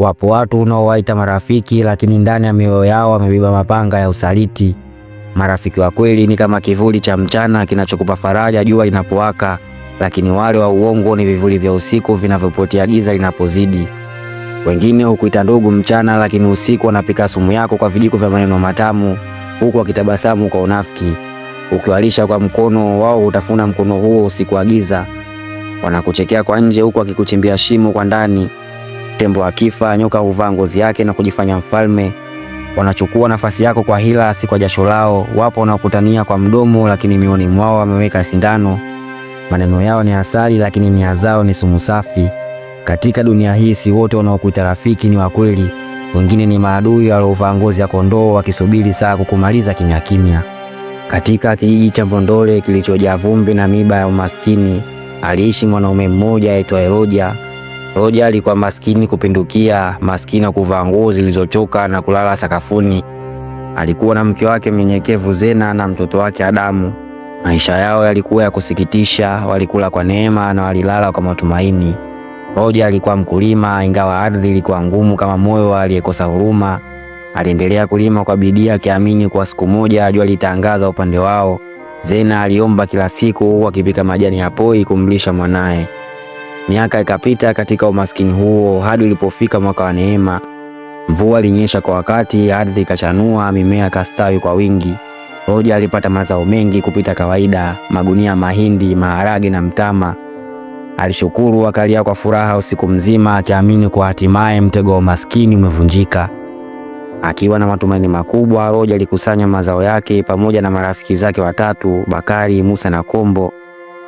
Wapo watu unaowaita marafiki, lakini ndani ya mioyo yao wamebeba mapanga ya usaliti. Marafiki wa kweli ni kama kivuli cha mchana kinachokupa faraja jua linapowaka, lakini wale wa uongo ni vivuli vya usiku vinavyopotea giza linapozidi. Wengine hukuita ndugu mchana, lakini usiku wanapika sumu yako kwa vijiko vya maneno matamu, huku wakitabasamu kwa unafiki. Ukiwalisha kwa mkono wao, utafuna mkono huo usiku wa giza. Wanakuchekea kwa nje, huku wakikuchimbia shimo kwa ndani. Tembo akifa, nyoka huvaa ngozi yake na kujifanya mfalme. Wanachukua nafasi yako kwa hila, si kwa jasho lao. Wapo wanaokutania kwa mdomo, lakini mioni mwao wameweka sindano. Maneno yao ni asali, lakini nia zao ni sumu safi. Katika dunia hii, si wote wanaokuita rafiki ni wakweli Wengine ni maadui waliovaa ngozi ya kondoo, wakisubiri saa kukumaliza kimya kimya. Katika kijiji cha Mbondole kilichojaa vumbi na miba ya umaskini, aliishi mwanaume mmoja aitwa Roja. Roja alikuwa maskini kupindukia, maskini na kuvaa nguo zilizochoka na kulala sakafuni. Alikuwa na mke wake mnyenyekevu Zena na mtoto wake Adamu. Maisha yao yalikuwa ya kusikitisha, walikula kwa neema na walilala kwa matumaini. Roja alikuwa mkulima, ingawa ardhi ilikuwa ngumu kama moyo aliyekosa huruma. Aliendelea kulima kwa bidii, akiamini kuwa siku moja jua litangaza upande wao. Zena aliomba kila siku, akipika majani ya poi kumlisha mwanaye. Miaka ikapita katika umaskini huo hadi ulipofika mwaka wa neema. Mvua ilinyesha kwa wakati, ardhi ikachanua, mimea kastawi kwa wingi. Roja alipata mazao mengi kupita kawaida, magunia mahindi, maharage na mtama. Alishukuru, akalia kwa furaha usiku mzima, akiamini kwa hatimaye mtego wa umaskini umevunjika. Akiwa na matumaini makubwa, Roja alikusanya mazao yake pamoja na marafiki zake watatu, Bakari, Musa na Kombo,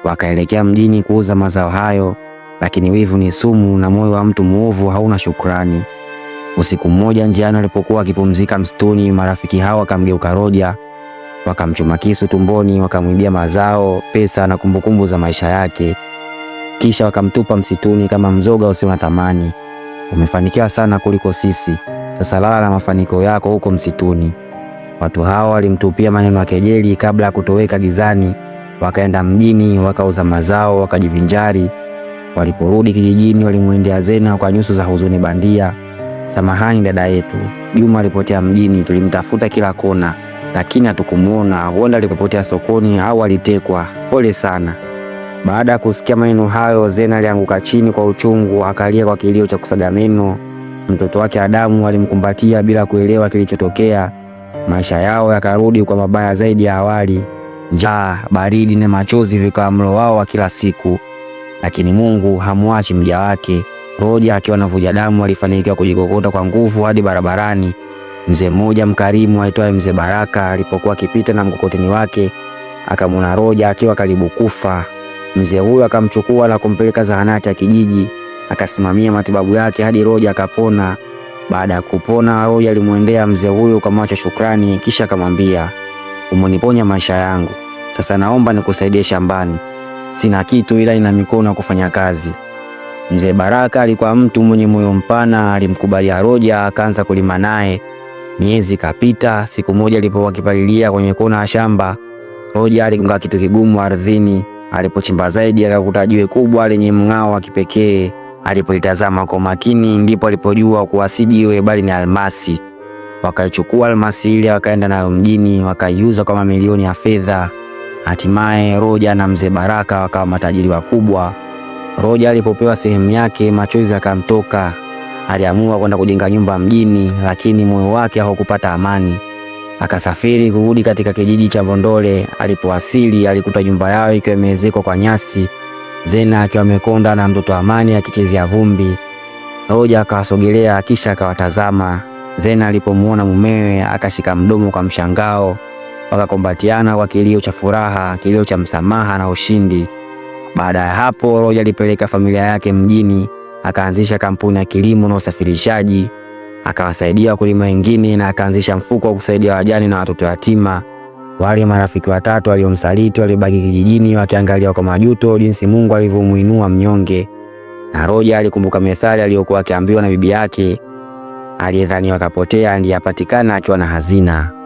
wakaelekea mjini kuuza mazao hayo lakini wivu ni sumu na moyo wa mtu mwovu hauna shukrani. Usiku mmoja njiani alipokuwa akipumzika msituni, marafiki hao wakamgeuka Roja, wakamchoma kisu tumboni, wakamwibia mazao, pesa na kumbukumbu za maisha yake, kisha wakamtupa msituni kama mzoga usio na thamani. Umefanikiwa sana kuliko sisi, sasa lala na mafanikio yako huko msituni. Watu hao walimtupia maneno ya kejeli kabla ya kutoweka gizani. Wakaenda mjini, wakauza mazao, wakajivinjari Waliporudi kijijini, walimwendea Zena kwa nyuso za huzuni bandia. Samahani dada yetu Juma alipotea mjini, tulimtafuta kila kona, lakini hatukumuona. Huenda alipopotea sokoni au alitekwa. Pole sana. Baada ya kusikia maneno hayo, Zena alianguka chini kwa uchungu, akalia kwa kilio cha kusaga meno. Mtoto wake Adamu alimkumbatia bila kuelewa kilichotokea. Maisha yao yakarudi kwa mabaya zaidi ya awali. Njaa, baridi na machozi vikawa mlo wao wa kila siku lakini Mungu hamwachi mja wake. Roja akiwa anavuja damu alifanikiwa kujikokota kwa nguvu hadi barabarani. Mzee mmoja mkarimu aitwaye Mzee Baraka alipokuwa akipita na mkokoteni wake akamwona Roja akiwa karibu kufa. Mzee huyo akamchukua na kumpeleka zahanati ya kijiji, akasimamia matibabu yake hadi Roja akapona. Baada ya kupona, Roja alimwendea mzee huyo kwa macho shukrani, kisha akamwambia, umeniponya maisha yangu, sasa naomba nikusaidie shambani sina kitu ila ina mikono ya kufanya kazi. Mzee Baraka alikuwa mtu mwenye moyo mpana, alimkubalia Roja akaanza kulima naye. Miezi ikapita. Siku moja alipokuwa akipalilia kwenye kona ya shamba, Roja aligonga kitu kigumu ardhini. Alipochimba zaidi, akakuta jiwe kubwa lenye mng'ao wa kipekee. Alipolitazama kwa makini, ndipo alipojua kuwa si jiwe bali ni almasi. Wakaichukua almasi ile, wakaenda nayo mjini, wakaiuza kwa mamilioni ya fedha. Hatimaye Roja na mzee Baraka wakawa matajiri wakubwa. Roja alipopewa sehemu yake, machozi akamtoka. Aliamua kwenda kujenga nyumba mjini, lakini moyo wake haukupata amani. Akasafiri kurudi katika kijiji cha bondole Alipowasili alikuta nyumba yao ikiwa imeezekwa kwa nyasi, Zena akiwa amekonda na mtoto Amani akichezea vumbi. Roja akawasogelea, kisha akawatazama. Zena alipomwona mumewe akashika mdomo kwa mshangao wakakumbatiana kwa kilio cha furaha, kilio cha msamaha na ushindi. Baada ya hapo, Roger alipeleka familia yake mjini, akaanzisha kampuni ya kilimo na usafirishaji, akawasaidia wakulima wengine na akaanzisha mfuko wa kusaidia wajane na watoto yatima. Wale marafiki watatu waliomsaliti walibaki kijijini wakiangalia kwa majuto jinsi Mungu alivyomuinua mnyonge. Na Roja alikumbuka methali aliyokuwa akiambiwa na bibi yake, aliyedhaniwa akapotea ndiye apatikana akiwa na hazina.